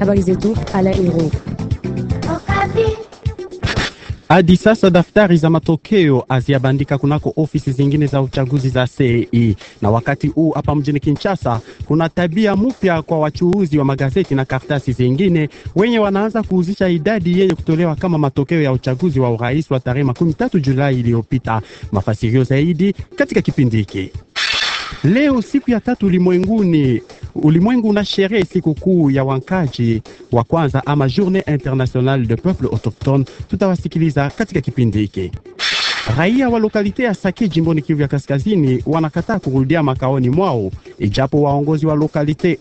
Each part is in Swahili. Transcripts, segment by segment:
Habari zetu ala Hadi sasa daftari za matokeo hazijabandika kunako ofisi zingine za uchaguzi za CEI. E. Na wakati huu hapa mjini Kinshasa kuna tabia mpya kwa wachuuzi wa magazeti na karatasi zingine, wenye wanaanza kuuzisha idadi yenye kutolewa kama matokeo ya uchaguzi wa urais wa tarehe 13 Julai iliyopita. Mafasirio zaidi katika kipindi hiki. Leo siku ya tatu ulimwenguni Ulimwengu una sherehe sikukuu ya wankaji wa kwanza ama journée Internationale de Peuple Autochtone. Tutawasikiliza katika kipindi hiki. Raia wa lokalite ya Sake jimboni Kivu ya Kaskazini wanakataa kurudia makaoni mwao, ijapo waongozi wa lokalite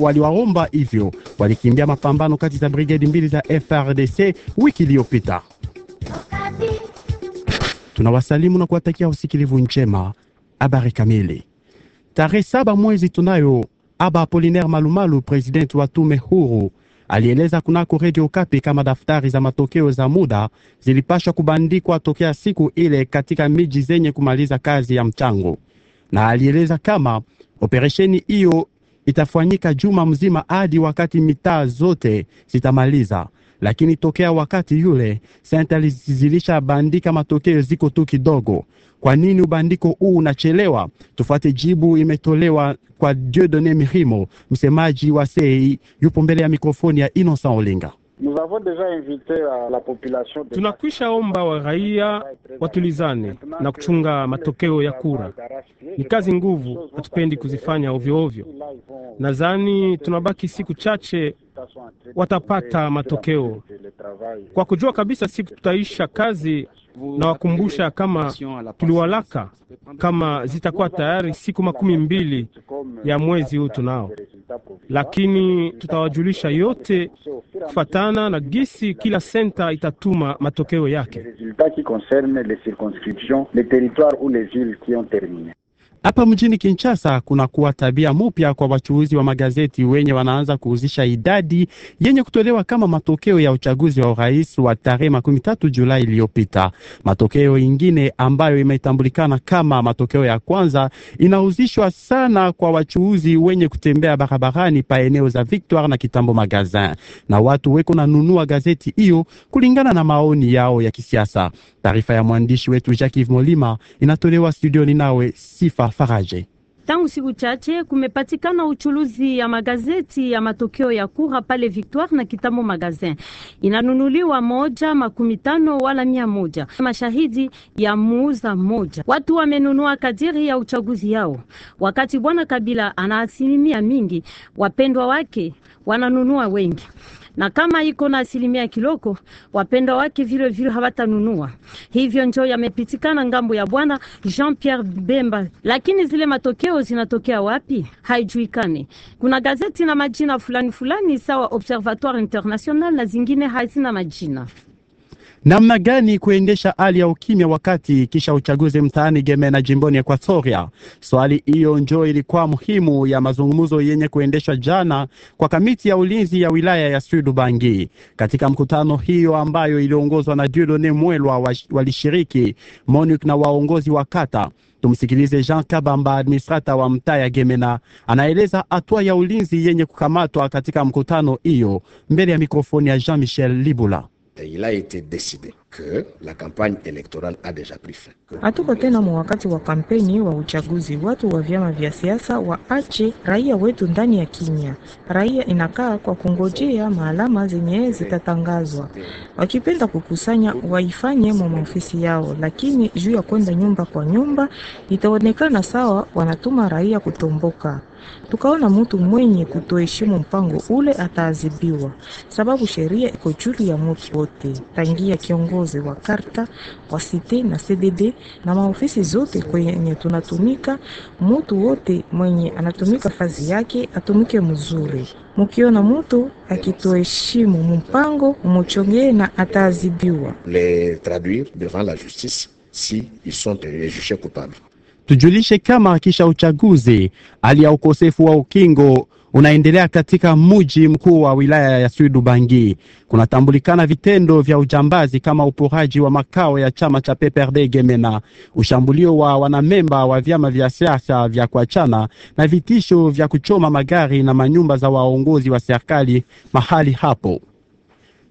waliwaomba wali hivyo. Walikimbia mapambano kati za brigedi mbili za FRDC wiki iliyopita. Tunawasalimu na kuwatakia usikilivu njema. Habari kamili Tarehe saba mwezi tunayo, Aba Apolinaire Malumalu, president wa tume huru, alieleza kunako Radio Kapi kama daftari za matokeo za muda zilipashwa kubandikwa tokea siku ile katika miji zenye kumaliza kazi ya mchango, na alieleza kama operesheni hiyo itafanyika juma mzima hadi wakati mitaa zote zitamaliza lakini tokea wakati yule senta lizilisha bandika matokeo ziko tu kidogo. Kwa nini ubandiko huu unachelewa? Tufate jibu imetolewa kwa Dieudonne Mirimo, msemaji wa sei, yupo mbele ya mikrofoni ya Innocent Olinga. Tunakwisha omba wa raia watulizane na kuchunga matokeo ya kura. Ni kazi nguvu, hatupendi kuzifanya ovyo ovyo. Nadhani tunabaki siku chache watapata matokeo. Kwa kujua kabisa si tutaisha kazi, na wakumbusha kama tuliwalaka kama zitakuwa tayari siku makumi mbili ya mwezi huu tunao, lakini tutawajulisha yote kufatana na gisi kila senta itatuma matokeo yake. Hapa mjini Kinshasa kunakuwa tabia mupya kwa wachuuzi wa magazeti wenye wanaanza kuuzisha idadi yenye kutolewa kama matokeo ya uchaguzi wa urais wa tarehe 13 Julai iliyopita. Matokeo ingine ambayo imetambulikana kama matokeo ya kwanza inauzishwa sana kwa wachuuzi wenye kutembea barabarani pa eneo za Victoire na Kitambo Magazin, na watu weko na nunua gazeti hiyo kulingana na maoni yao ya kisiasa. Taarifa ya mwandishi wetu Jacques Molima inatolewa studioni nawe Sifa Faraje. Tangu siku chache kumepatikana uchuluzi ya magazeti ya matokeo ya kura pale Victoire na Kitambo Magazin, inanunuliwa moja makumi tano wala mia moja. Mashahidi ya muuza moja, watu wamenunua kadiri ya uchaguzi yao. Wakati bwana Kabila ana asilimia mingi, wapendwa wake wananunua wengi na kama iko na asilimia kiloko, wapendwa wake vile vile hawatanunua. Hivyo njo yamepitikana ngambo ya bwana Jean Pierre Bemba, lakini zile matokeo zinatokea wapi haijuikani. Kuna gazeti na majina fulani fulani sawa Observatoire International na zingine hazina majina. Namna gani kuendesha hali ya ukimya wakati kisha uchaguzi mtaani Gemena jimboni Equatoria? Swali hiyo njo ilikuwa muhimu ya mazungumzo yenye kuendeshwa jana kwa kamiti ya ulinzi ya wilaya ya Sud bangi Katika mkutano hiyo ambayo iliongozwa na dudone Mwelwa, walishiriki Monique na waongozi wa kata. Tumsikilize Jean Kabamba, administrata wa mtaa ya Gemena, anaeleza hatua ya ulinzi yenye kukamatwa katika mkutano hiyo, mbele ya mikrofoni ya Jean Michel Libula et il a été décidé que la campagne électorale a déjà pris fin. Hatuko tena mu wakati wa kampeni wa uchaguzi. Watu wa vyama vya siasa waache raia wetu ndani ya kimya. Raia inakaa kwa kungojea maalama zenye zitatangazwa. Wakipenda kukusanya waifanye mu maofisi yao, lakini juu ya kwenda nyumba kwa nyumba itaonekana sawa wanatuma raia kutomboka. Tukaona mutu mwenye kutoheshimu mpango ule ataadhibiwa, sababu sheria iko juu ya mutu wote, tangia kiongozi wa karta wa site na CDD na maofisi zote kwenye tunatumika. Mutu wote mwenye anatumika fazi yake atumike mzuri. Mukiona mutu akitoheshimu mpango, muchongee na ataadhibiwa. le traduire devant la justice si ils sont jugés coupables tujulishe kama kisha uchaguzi hali ya ukosefu wa ukingo unaendelea katika mji mkuu wa wilaya ya Sud Ubangi. Kunatambulikana vitendo vya ujambazi kama uporaji wa makao ya chama cha PPRD Gemena, ushambulio wa wanamemba wa vyama vya siasa vya kuachana na vitisho vya kuchoma magari na manyumba za waongozi wa serikali mahali hapo.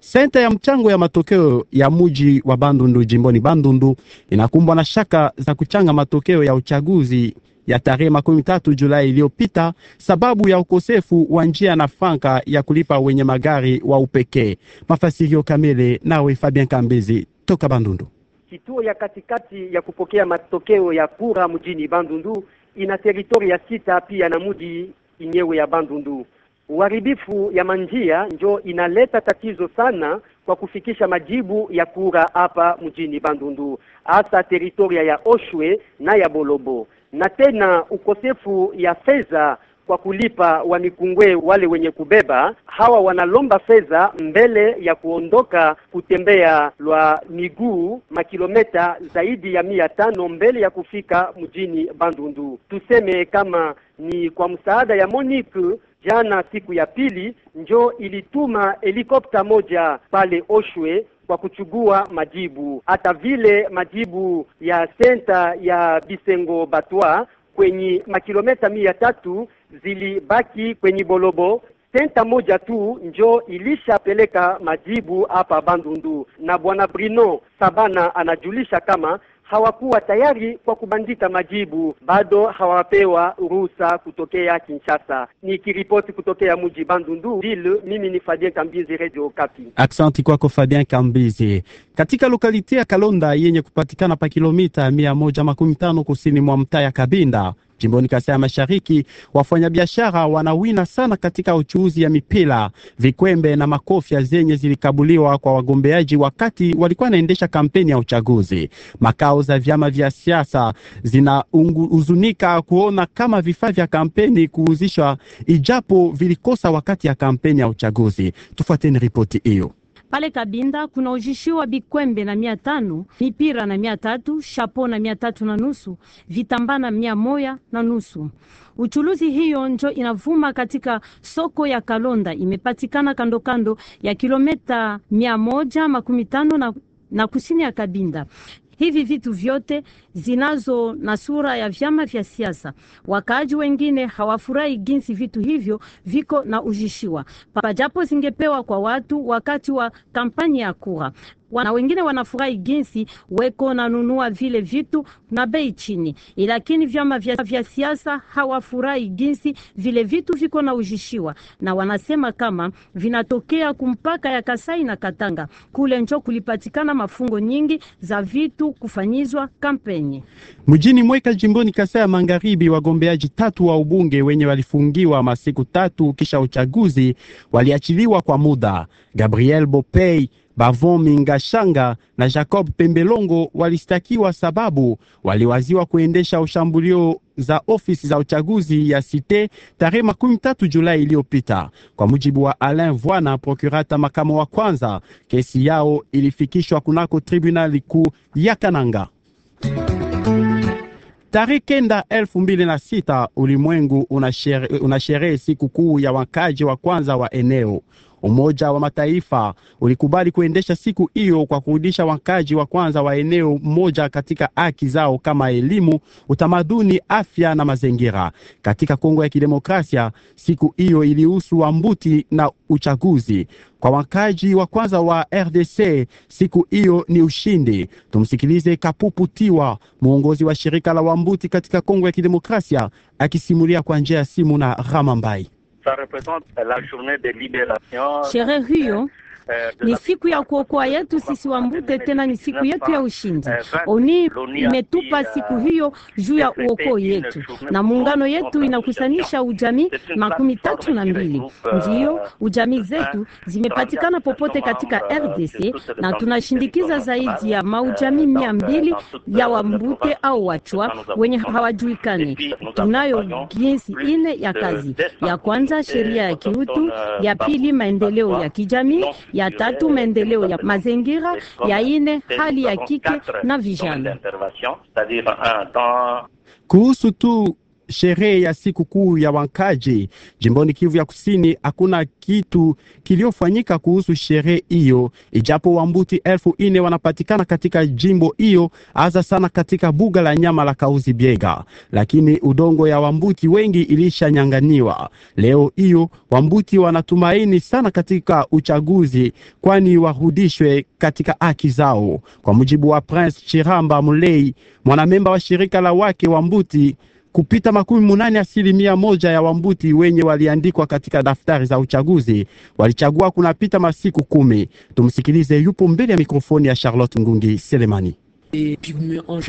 Senta ya mchango ya matokeo ya muji wa Bandundu jimboni Bandundu inakumbwa na shaka za kuchanga matokeo ya uchaguzi ya tarehe makumi tatu Julai iliyopita sababu ya ukosefu wa njia na franka ya kulipa wenye magari wa upekee. Mafasirio kamili nawe Fabien Kambezi toka Bandundu. Kituo ya katikati ya kupokea matokeo ya kura mjini Bandundu ina teritoria sita pia na muji inyewe ya Bandundu uharibifu ya manjia njo inaleta tatizo sana kwa kufikisha majibu ya kura hapa mjini Bandundu, hasa teritoria ya Oshwe na ya Bolobo, na tena ukosefu ya fedha kwa kulipa wamikungwe wale wenye kubeba hawa wanalomba fedha mbele ya kuondoka kutembea lwa miguu makilometa zaidi ya mia tano mbele ya kufika mjini Bandundu. Tuseme kama ni kwa msaada ya Monique Jana siku ya pili njo ilituma helikopta moja pale Oshwe kwa kuchugua majibu, hata vile majibu ya senta ya Bisengo Batwa kwenye makilometa mia tatu zilibaki kwenye Bolobo. Senta moja tu njo ilishapeleka majibu hapa Bandundu, na bwana Bruno Sabana anajulisha kama hawakuwa tayari kwa kubandika majibu, bado hawapewa ruhusa kutokea Kinshasa. ni kiripoti kutokea mji Bandundu ville, mimi ni Fabien Kambizi, Radio Okapi. Aksanti kwako Fabien Kambizi. Katika lokalite ya Kalonda yenye kupatikana pa kilomita mia moja makumi tano kusini mwa mtaa ya Kabinda Jimboni Kasai Mashariki, wafanyabiashara wanawina sana katika uchuuzi ya mipira, vikwembe na makofia zenye zilikabuliwa kwa wagombeaji wakati walikuwa wanaendesha kampeni ya uchaguzi. Makao za vyama vya siasa zinahuzunika kuona kama vifaa vya kampeni kuuzishwa, ijapo vilikosa wakati ya kampeni ya uchaguzi. Tufuateni ripoti hiyo. Pale Kabinda kuna ujishiwa bikwembe na mia tano, mipira na mia tatu, shapo na mia tatu na nusu, vitambaa na mia moya na nusu. Uchuluzi hiyo njo inavuma katika soko ya Kalonda, imepatikana kando kando ya kilometa mia moja makumi tano na, na kusini ya Kabinda hivi vitu vyote zinazo na sura ya vyama vya siasa. Wakaaji wengine hawafurahi jinsi vitu hivyo viko na ujishiwa pajapo zingepewa kwa watu wakati wa kampanyi ya kura wana wengine wanafurahi jinsi weko nanunua vile vitu na bei chini, lakini vyama vya, vya siasa hawafurahi jinsi vile vitu viko na ujishiwa, na wanasema kama vinatokea kumpaka ya Kasai na Katanga kule njo kulipatikana mafungo nyingi za vitu kufanyizwa kampeni mjini Mweka jimboni Kasai ya Magharibi. Wagombeaji tatu wa ubunge wenye walifungiwa masiku tatu kisha uchaguzi waliachiliwa kwa muda. Gabriel Bopei Bavon Mingashanga na Jacob Pembelongo walistakiwa sababu waliwaziwa kuendesha ushambulio za ofisi za uchaguzi ya Site tarehe makumi tatu Julai iliyopita. Kwa mujibu wa Alain Vwana, prokurata makamo wa kwanza, kesi yao ilifikishwa kunako tribunali kuu ya Kananga. Tarehe kenda elfu mbili na sita ulimwengu unasherehe siku kuu ya wakaji wa kwanza wa eneo Umoja wa Mataifa ulikubali kuendesha siku hiyo kwa kurudisha wakaji wa kwanza wa eneo moja katika haki zao kama elimu, utamaduni, afya na mazingira. Katika Kongo ya Kidemokrasia, siku hiyo ilihusu wambuti na uchaguzi. Kwa wakaji wa kwanza wa RDC, siku hiyo ni ushindi. Tumsikilize Kapupu Tiwa, muongozi wa shirika la wambuti katika Kongo ya Kidemokrasia, akisimulia kwa njia ya simu na Ramambai. ça représente la journée de libération. Eh, ni siku ya kuokoa yetu sisi Wambute, tena ni siku yetu ya ushindi. Eh, Oni imetupa siku hiyo juu ya uokoo yetu, na muungano yetu inakusanisha ujamii makumi tatu na mbili. Eh, Ndiyo ujamii zetu zimepatikana popote katika RDC, na tunashindikiza zaidi ya maujamii mia mbili ya Wambute au Wachwa wenye hawajuikani. Tunayo jinsi ine ya kazi: ya kwanza sheria ya kiutu, ya pili maendeleo ya kijamii ya tatu maendeleo ya mazingira, ya ine hali ya kike na vijana kuhusu tu sherehe ya sikukuu ya Wankaji jimboni Kivu ya Kusini, hakuna kitu kiliofanyika kuhusu sherehe hiyo, ijapo wambuti elfu ine wanapatikana katika jimbo hiyo, hasa sana katika buga la nyama la Kauzi Biega, lakini udongo ya wambuti wengi ilishanyang'aniwa. Leo hiyo wambuti wanatumaini sana katika uchaguzi, kwani warudishwe katika haki zao, kwa mujibu wa Prince Chiramba Mulei, mwanamemba wa shirika la wake wambuti kupita makumi munane asilimia moja ya Wambuti wenye waliandikwa katika daftari za uchaguzi walichagua kunapita masiku kumi. Tumsikilize, yupo mbele ya mikrofoni ya Charlotte Ngungi Selemani. Et en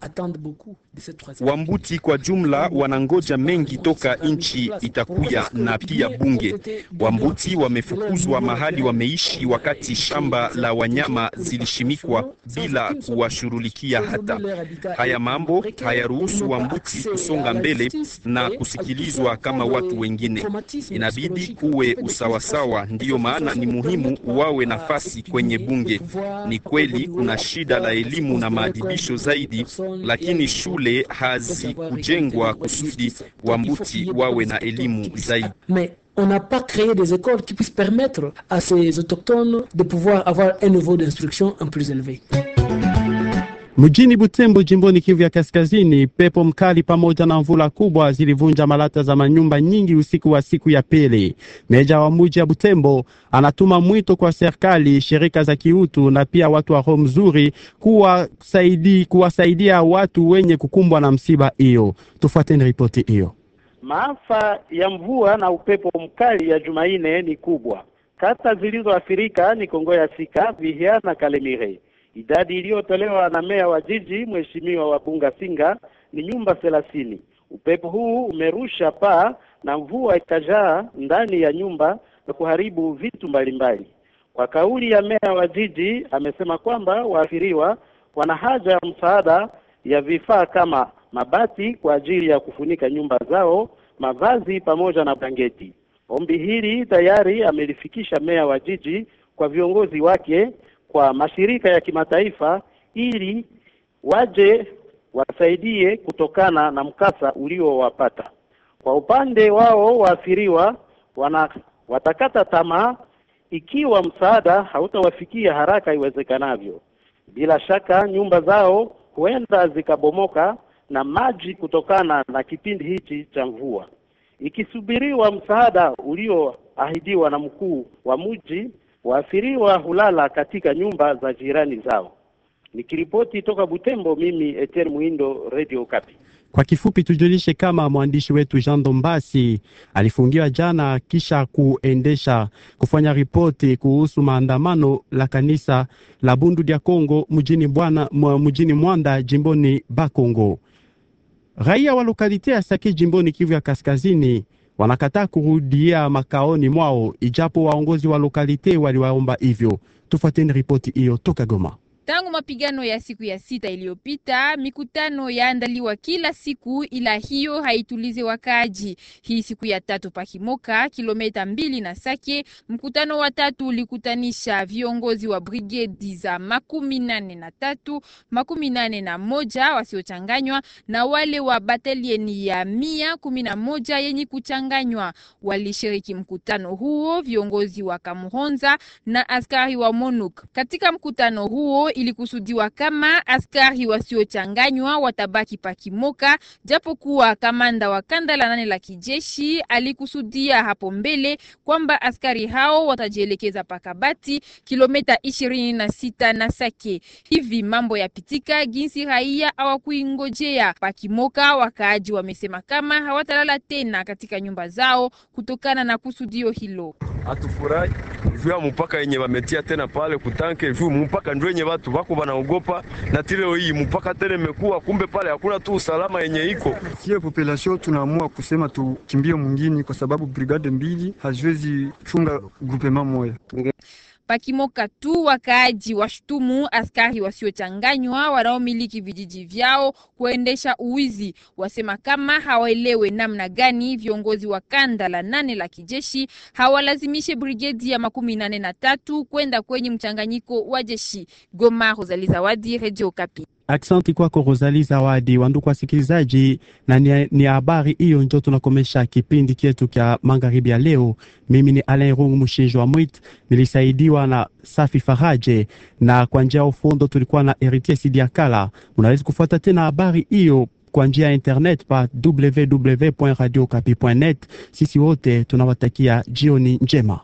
attendent beaucoup de cette troisième. Wambuti kwa jumla wanangoja mengi toka nchi itakuya na pia bunge. Wambuti wamefukuzwa mahali wameishi, wakati shamba la wanyama zilishimikwa bila kuwashughulikia. Hata haya mambo hayaruhusu Wambuti kusonga mbele na kusikilizwa kama watu wengine. Inabidi kuwe usawasawa, ndiyo maana ni muhimu wawe nafasi kwenye bunge. Ni kweli kuna shida la elimu Mais on n'a pas créé des écoles qui puissent permettre à ces autochtones de pouvoir avoir un niveau d'instruction en plus élevé. Mjini Butembo jimboni Kivu ya Kaskazini, pepo mkali pamoja na mvula kubwa zilivunja malata za manyumba nyingi usiku wa siku ya pili. Meja wa muji ya Butembo anatuma mwito kwa serikali, shirika za kiutu na pia watu wa roho mzuri kuwasaidi, kuwasaidia watu wenye kukumbwa na msiba hiyo. Tufuateni ripoti hiyo. Maafa ya mvua na upepo mkali ya Jumaine ni kubwa. Kata zilizoathirika ni Kongo ya Sika, Vihia na Kalemire. Idadi iliyotolewa na meya wa jiji Mheshimiwa Wabunga Singa ni nyumba thelathini. Upepo huu umerusha paa na mvua ikajaa ndani ya nyumba na kuharibu vitu mbalimbali. Kwa kauli ya meya wa jiji, amesema kwamba waathiriwa wana haja ya msaada ya vifaa kama mabati kwa ajili ya kufunika nyumba zao, mavazi pamoja na blanketi. Ombi hili tayari amelifikisha meya wa jiji kwa viongozi wake kwa mashirika ya kimataifa ili waje wasaidie kutokana na mkasa uliowapata. Kwa upande wao, waathiriwa wana watakata tamaa ikiwa msaada hautawafikia haraka iwezekanavyo. Bila shaka, nyumba zao huenda zikabomoka na maji kutokana na kipindi hichi cha mvua, ikisubiriwa msaada ulioahidiwa na mkuu wa mji Waathiriwa hulala katika nyumba za jirani zao. Nikiripoti toka Butembo, mimi Eter Muindo, Radio Kapi. Kwa kifupi tujulishe kama mwandishi wetu Jean Dombasi alifungiwa jana kisha kuendesha kufanya ripoti kuhusu maandamano la kanisa la Bundu dia congo mjini Bwana mjini Mwanda jimboni Bakongo. Raia wa lokalite ya Sake jimboni Kivu ya Kaskazini wanakataa kurudia makaoni mwao, ijapo waongozi wa lokalite waliwaomba hivyo. Tufuateni ripoti hiyo toka Goma. Tangu mapigano ya siku ya sita iliyopita, mikutano yaandaliwa kila siku, ila hiyo haitulize wakaaji. Hii siku ya tatu pakimoka, kilomita mbili na Sake, mkutano wa tatu ulikutanisha viongozi wa brigedi za makumi nane na tatu, makumi nane na moja wasiochanganywa na wale wa batalieni ya mia kumi na moja yenye kuchanganywa. Walishiriki mkutano huo viongozi wa Kamuhonza na askari wa Monuk. Katika mkutano huo ilikusudiwa kama askari wasiochanganywa watabaki pakimoka, japokuwa kamanda wa kanda la nane la kijeshi alikusudia hapo mbele kwamba askari hao watajielekeza pakabati kilomita ishirini na sita na Sake. Hivi mambo yapitika jinsi raia hawakuingojea pakimoka. Wakaaji wamesema kama hawatalala tena katika nyumba zao kutokana na kusudio hilo. Hatufurahi juu ya mpaka yenye wametia tena pale kutanke juu mpaka ndio yenye watu watu wako wanaogopa, na tile hii mpaka tele imekuwa kumbe, pale hakuna tu usalama yenye iko sie population. Tunaamua kusema tukimbie mwingine, kwa sababu brigade mbili haziwezi chunga groupement moja. Pakimoka tu wakaaji washutumu askari wasiochanganywa wanaomiliki vijiji vyao kuendesha uwizi. Wasema kama hawaelewe namna gani viongozi wa kanda la nane la kijeshi hawalazimishe brigedi ya makumi nane na tatu kwenda kwenye mchanganyiko wa jeshi. Goma, Rosali Zawadi, Radio Kapi. Aksanti kwako Rosali Zawadi. Wanduku wasikilizaji, na ni habari hiyo njo tunakomesha kipindi chetu kya magharibi ya leo. Mimi ni Alain Rungu Mushinji wa Mwit, nilisaidiwa na Safi Faraje na kwa njia ya ufundo tulikuwa na Heritier Sidiakala. Unaweza kufuata tena habari hiyo kwa njia ya internet pa www.radiokapi.net. Sisi wote tunawatakia jioni njema.